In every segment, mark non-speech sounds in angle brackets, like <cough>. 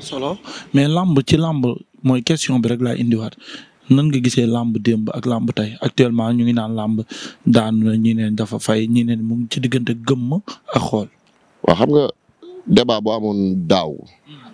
solo mais làmb ci làmb mooy question bi rek laa indiwaat nan nga gisee làmb demb ak làmb tey actuellement ñu ngi naan làmb daan na ñi neen dafa fay ñi neen mu ci diggante gëmm ak xool. waa xam nga débat bu amoon daaw.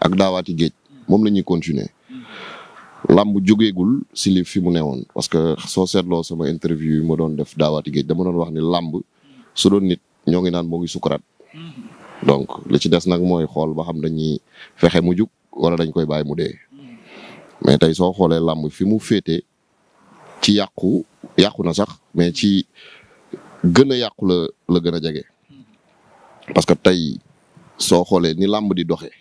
ak daawaati géej. moom la ñuy continue làmb jógeegul si li fi mu ne woon parce que soo seetloo sama interview yi ma doon def daawaati géej dama doon wax ni làmb su nit ñoo ngi naan moo ngi donc li ci des nag mooy xool ba xam dañuy fexe mu jug wala dañ koy bàyyi mu dee mais tey soo xoolee làmb fi mu féete ci yàqu yàqu na sax mais ci gën a yàqu la la gën a jege parce que tey soo xoolee ni làmb di doxee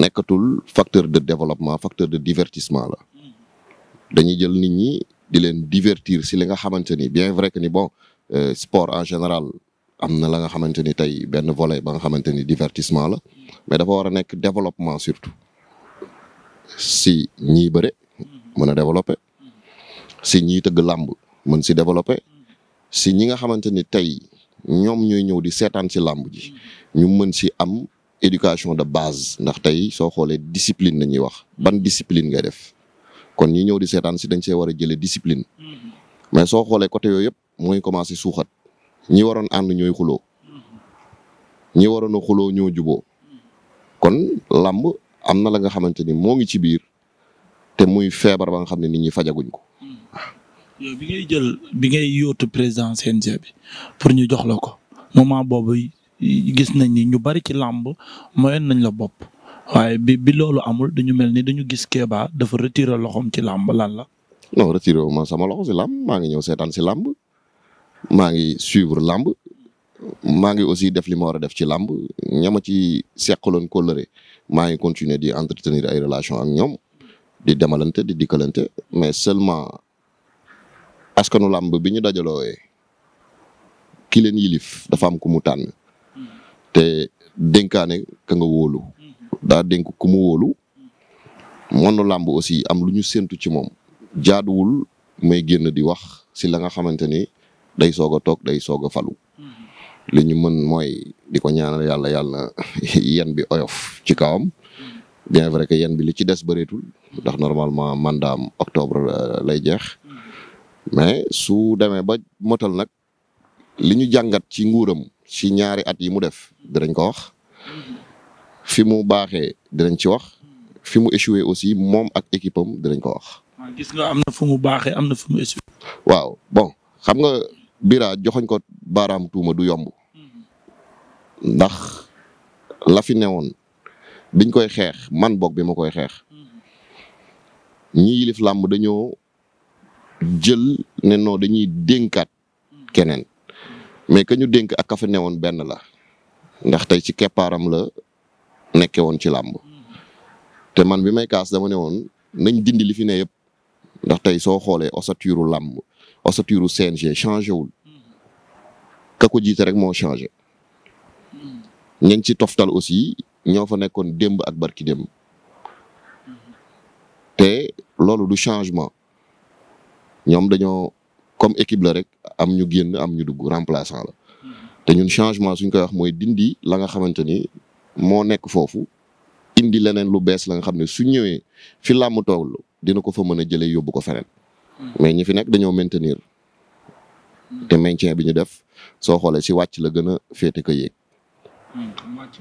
nekkatul facteur de développement facteur de divertissement la dañuy jël nit ñi di leen divertir si li nga xamante ni bien vrai que ni bon euh, sport en général am na la nga xamante ni tey benn volet ba nga xamante ni divertissement la mais dafa war a nekk développement surtout si ñiy bëre mën a développé si ñiy tëgg làmb mën si développé si ñi nga xamante ni tey ñoom ñooy ñëw di seetaan si làmb ji ñu mën si am éducation de base ndax tey soo xoolee discipline la ñuy wax ban discipline ngay def kon ñi ñëw di seetaan si dañ see war a jëlee discipline mm-hmm. mais soo xoolee côté yooyu yëpp mooy commencé suuxat ñi waroon ànd ñooy xuloo ñi waroon a xuloo ñoo juboo kon làmb am na la nga xamante ni moo ngi ci biir te muy feebar ba nga xam ne nit ñi fajaguñ ko. bi ngay jël bi ngay yóotu président CNG bi pour ñu jox la ko moment boobu gis nañ ni ñu bari ci làmb moyoon nañ la bopp waaye bi bi loolu amul dañu mel ni dañu gis Kéba dafa retire loxoom ci lamb lan la. non retiré wu ma sama loxo si làmb maa ngi ñëw seetaan si lamb maa ngi suivre làmb maa ngi aussi def li ma war a def ci làmb ñama ci seqaloon kóllëre maa ngi continuer di entretenir ay relation ak ñoom di demalante di dikkalante mais seulement askanu làmb bi ñu dajaloo ki leen yilif dafa am ku mu tànn te dénkaane ka nga wóolu daa dénk ku mu wóolu monu làmb aussi am lu ñu séntu ci moom jaaduwul may génn di wax si la nga xamante ni day soog a toog day soog a falu. li ñu mën mooy di ko ñaanal yàlla yàlla <laughs> yen bi oyof ci kawam. bien vrai que yen bi li ci des bëreetul. ndax normalement mandat octobre euh, lay jeex. mais su demee ba motal nag li ñu jàngat ci nguuram ci ñaari at yi mu def dinañ ko wax fi mu baaxee dinañ ci wax fi mu échoué aussi moom ak équipe am dinañ wax. gis nga am mu baaxee am na fu bon xam Bira joxoñ ko baaraam tuuma du yomb ndax la fi newoon biñ koy xeex man boog bi ma koy xeex ñi yilif làmb dañoo jël ne non dañuy dénkaat keneen mais que ñu dénk ak ka fa newoon benn la ndax tey ci keppaaram la nekke woon ci làmb te man bi may kaas dama ne woon nañ dindi li fi ne yëpp ndax tey soo xoolee osatiru làmb ossature CNG changé wul ka ko jiite rek moo changé ñañ ci toftal aussi ñoo fa nekkoon démb ak barki démb te loolu du changement ñoom dañoo comme équipe la rek am ñu génn am ñu dugg remplaçant la te ñun changement suñ koy wax mooy dindi la nga xamante ni moo nekk foofu indi leneen lu bees la nga xam ne su ñëwee fi làmm tooglu dina ko fa mën a jëlee yóbbu ko feneen mais ñi fi nekk dañoo maintenir hmm. te maintien bi ñu def soo xoolee si wàcc la gën a féete ko yéeg. Hmm. wàcc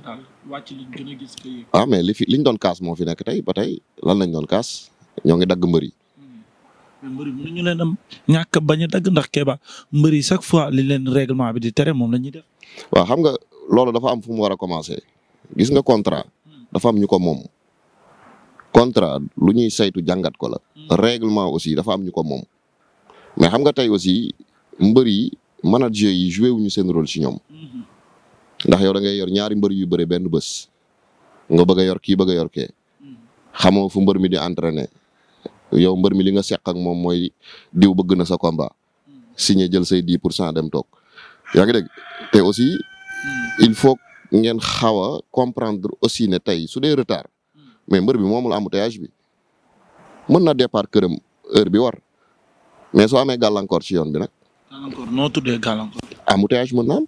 a gis ko yéeg. ah mais li fi liñ doon kaas moo fi nekk tey ba tey lan lañ doon kaas ñoo ngi dagg mbër yi. Hmm. mbër yi mënuñu leen bañ a dagg ndax Kéba mbër yi chaque fois li leen règlement bi di tere moom la ñuy def. waaw xam nga loolu dafa am fu mu war a commencer gis nga contrat dafa am ñu ko moom. contrat lu ñuy saytu jàngat ko la. Hmm. réglement aussi dafa am ñu ko moom. mais xam nga tey aussi mbër yi manager yi joué wuñu seen rôle ci ñoom. Hmm. ndax yow da ngay yor ñaari mbër yu bëre benn bës nga bëgg a yor kii bëgg a yor kee. Hmm. xamoo fu mbër mi di entraîner. yow mbër mi li nga seq ak moom mooy diw bëgg na sa combat. signé jël say di pour cent dem toog. yaa ngi dégg te aussi. il faut ngeen xaw a comprendre aussi ne tey su dee retard. mais mbër bi moomul embouteillage bi mën na départ këram heure bi war mais soo amee gàllankoor ci yoon bi nag. gàllankoor noo tuddee gàllankoor. embouteillage mën na am.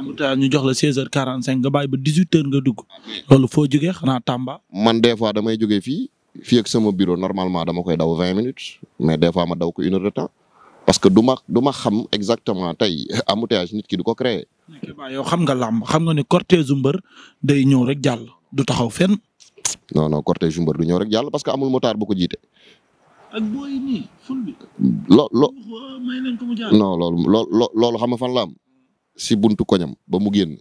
embouteillage ñu jox la 16h45 nga bàyyi ba 18h nga dugg. loolu foo jógee xanaa Tamba. man des fois damay jógee fii fii ak sama bureau normalement dama koy daw 20 minutes mais des fois ma daw ko une heure de temps. parce que du ma du ma xam exactement tey embouteillage nit ki du ko créer. yow xam nga làmb xam nga ne cortège mbër day ñëw rek jàll du taxaw fen non non cortège mbër du ñëw rek jàll parce que amul motard bu ko jiite. ak booy yi nii ko mu jàll. loolu xam nga fan laam si buntu koñam ba mu génn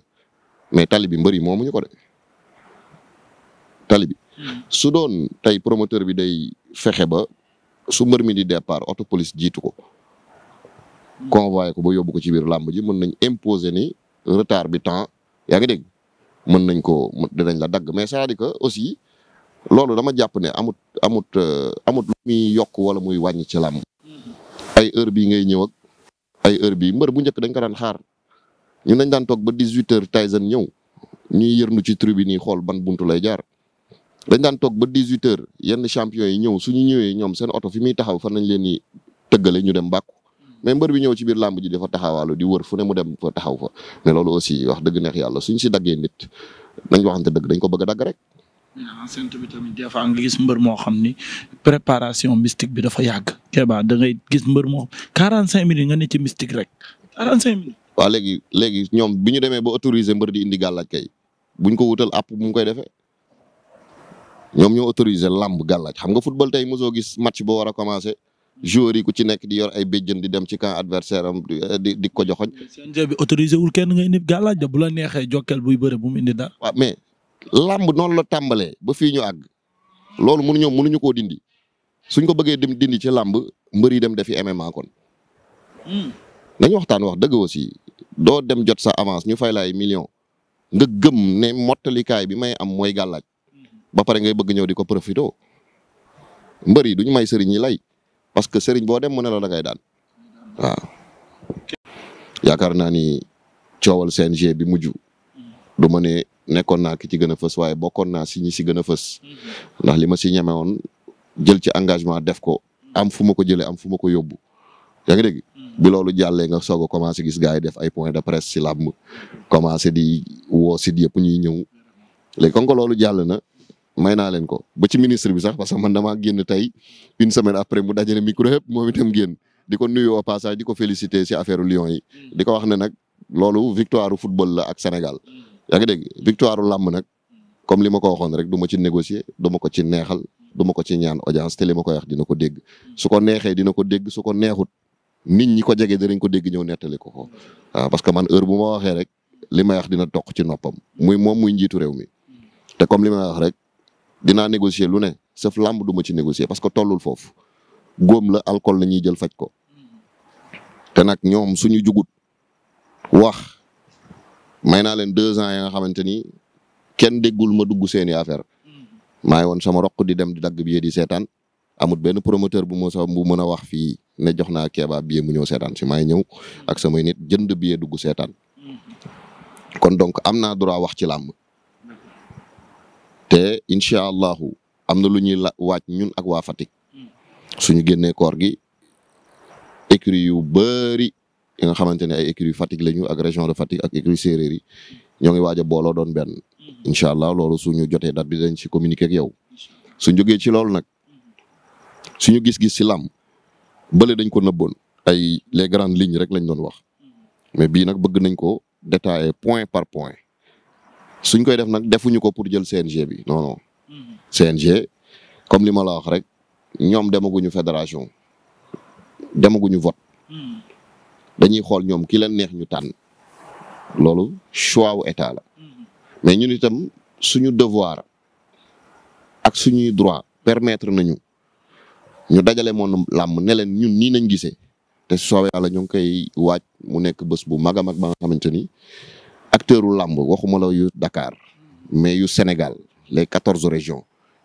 mais tali bi mbër yi moomuñu ko de tali hmm. su doon tey promoteur bi day fexe ba su mbër mi di départ auto police jiitu ko. Hmm. convoyé ko ba yóbbu ko ci biir làmb ji mën nañ imposé ni retard bi temps yaa ngi dégg mën nañ ko dinañ la dagg mais c'est-à-dire que aussi. loolu dama jàpp ne amut amut euh, amut lu muy yokk wala muy wàññi ci làmb ay heure bii ngay ñëw ak ay heure bii mbër bu njëkk dañ ko daan xaar ñu dañ daan toog ba dix huit heures ñëw ñuy yërnu ci tribune yi xool ban buntu lay jaar dañ daan toog ba dix huit heures yenn champion yi ñëw suñu ñëwee ñoom seen oto fi muy taxaw fan nañ leen di tëggale ñu dem bàkku mais mbër bi ñëw ci biir làmb ji dafa taxawaalu di wër fu ne mu dem fa taxaw fa mais loolu aussi wax dëgg neex yàlla suñ si daggee nit nañ waxante dëgg dañ ko bëgg a dagg rek enceinte ah, bi tamit des fois nga gis mbër moo xam ni préparation mystique bi dafa yàgg. ba da ngay gis mbër moo 45 minutes nga ne ci mystique rek 45 minutes. waaw léegi léegi ñoom bi ñu demee ba autorisé mbër di indi gàllaaj kay buñ ko wutal app bu mu koy defee ñoom ñoo autoriser làmb gàllaaj xam nga football tey mosoo gis match boo war commencé joueurs ku ci nekk di yor ay béjjën di dem ci camp adversaire am di di ko joxoñ. CNG bi autorisé wul kenn ngay indi gàllaaj da bu la neexee jokkal buy bëre bu indi dara. waaw mais làmb noonu la tàmbalee ba fii ñu àgg loolu mënuñoo mënuñu ko dindi suñ ko bëggee dem dindi ci làmb mbër yi dem defi MMA kon. Hmm. nañu waxtaan wax dëgg aussi doo dem jot sa avance ñu fay la ay nga gëm ne mottalikaay bi may am mooy gàllaaj ba pare ngay bëgg ñëw di ko profité mbër yi duñu may sëriñ yi lay parce que sëriñ boo dem mën ne la dangay daan waaw. naa ni coowal gee bi mujj du ma ne nekkoon naa ki ci gën a fës waaye bokkoon naa si ñi si gën a fës mhm. ndax li ma si ñeme woon jël ci engagement def ko am fu ma ko jëlee am fu ma ko yóbbu yaa ngi mhm. bi loolu jàllee nga soog a commencé gis gars yi def ay point de presse si làmb commencé di woo sit yëpp ñuy ñëw le kon ko loolu jàll na may naa leen ko ba ci ministre bi sax parce que man damaa génn tey une semaine après mu dajale micro yëpp moom itam génn di ko nuyu au passage di ko féliciter si affaire Lions yi. Mhm. di ko wax ne nag loolu victoire football la ak Sénégal. yaa ngi dégg victoire làmb nag comme li ma ko waxoon rek du ma ci négocier du ma ko ci neexal duma ko ci ñaan audience te li ma koy wax dina ko dégg su ko neexee dina ko dégg su ko neexut nit ñi ko jege dinañ ko dégg ñëw nettali ko ko waaw parce que man heure bu ma waxee rek li may wax dina toq ci noppam muy moom muy njiitu réew mi te comme li may wax rek dinaa négocier lu ne saf làmb duma ma ci négocier parce que tollul foofu góom la alcool la ñuy jël faj ko te nag ñoom suñu jugut wax may naa leen deux ans ya nga xamante ni kenn déggul ma dugg seeni affaire maa ngi woon sama roq di dem di dagg billet di seetaan amut benn promoteur bu ma sa mën a wax fii ne jox naa Keba billet mu ñëw seetaan si maay ñëw ak samay nit jënd billet dugg seetaan kon donc am naa droit wax ci làmb te incha allahu am na lu ñuy la waaj ñun ak waa Fatick suñu génnee koor gi écrit yu bëri yi nga xamante ne ay écurie Fatick lañu ak région de Fatick ak écurie séeréer yi ñoo ngi waaja a booloo doon benn mhm. incha allah loolu su ñu jotee date bi dañ ci communiquer ak yow su jógee ci loolu nag suñu gis-gis ci làmb bële dañ ko nëbboon ay les grandes ligne rek lañ doon wax mhm. mais bii nag bëgg nañ ko détailler point par point suñ koy def nag defuñu ko pour jël CNG bi non mhm. CNG comme li ma la wax rek ñoom demaguñu fédération demaguñu vote dañuy xool ñoom ki leen neex ñu tànn loolu choix wu état la mais ñun itam suñu devoir ak suñuy droit permettre nañu ñu dajale moom làmb ne leen ñun nii nañ gisee te soobee yàlla ñu ngi koy waaj mu nekk bés bu mag a mag ba nga xamante ni acteuru làmb waxuma la yu Dakar mais yu Sénégal les quatorze régions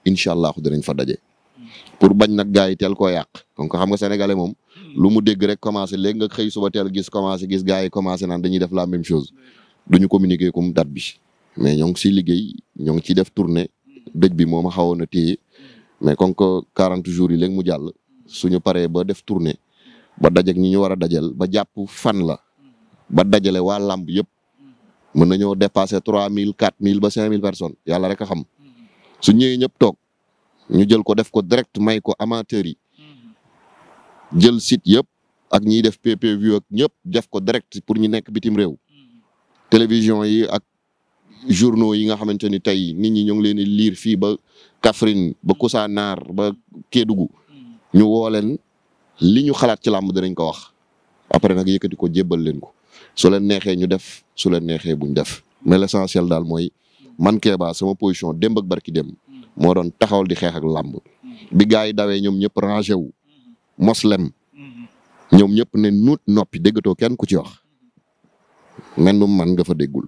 incha allah dinañ fa daje. pour bañ nag gars yi teel koo yàq donc xam nga sénégalais moom hmm. lu mu dégg rek commencé léegi nga xëy suba teel gis commencé gis gars yi commencé naan dañuy def la même chose hmm. duñu communiquer comme date bi mais ñoo ngi siy liggéey ñoo ngi ciy def tournée hmm. dëj bi moom xawoon na téye mais kon que 40 jours yi léegi mu jàll suñu paree ba def tournée ba dajeek ñi ñu war a dajal ba jàpp fan la ba dajale waa làmb yëpp mën nañoo dépasser 3000 mille ba cinq mille personnes yàlla rek a xam su ñëwee ñëpp toog. ñu jël ko def ko direct may ko amateur yi jël site yëpp ak ñiy def PPV ak ñëpp def ko direct pour ñu nekk bitim réew télévision yi ak journeau yi nga xamante ni tey nit ñi ñoo ngi leen di lire fii ba Kaffrine ba Kousanaar ba Kédougou ñu woo li ñu xalaat ci làmb dinañ ko wax après nag yëkkati ko jébbal leen ko su leen neexee ñu def su leen neexee buñ def mais l'essentiel daal mooy man Kéba sama position démb ak barki dem moo doon taxawal di xeex ak làmb bi gars yi dawee ñoom ñëpp rangé wu moslem ñoom ñëpp ne nuut noppi déggatoo kenn ku ci wax men num man nga fa déggul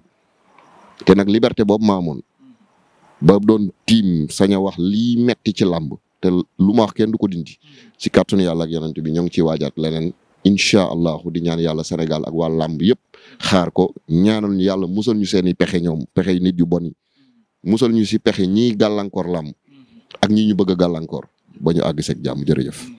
te nag liberté boobu maamoon ba doon tiim sañ wax lii metti ci làmb te lu ma wax kenn du ko dindi ci kàttanu yàlla ak yonent bi ñoo ngi ciy waajaat leneen incha allahu di ñaan yàlla senegal ak waa làmb yëpp xaar ko ñaanal yàlla musal ñu seeni pexe ñoom pexe nit yu bon yi musal ñu si pexe ñii gàllankoor lam ak ñi ñu bëgg gàllankoor ba ñu àgg seeg jàmm jërëjëf.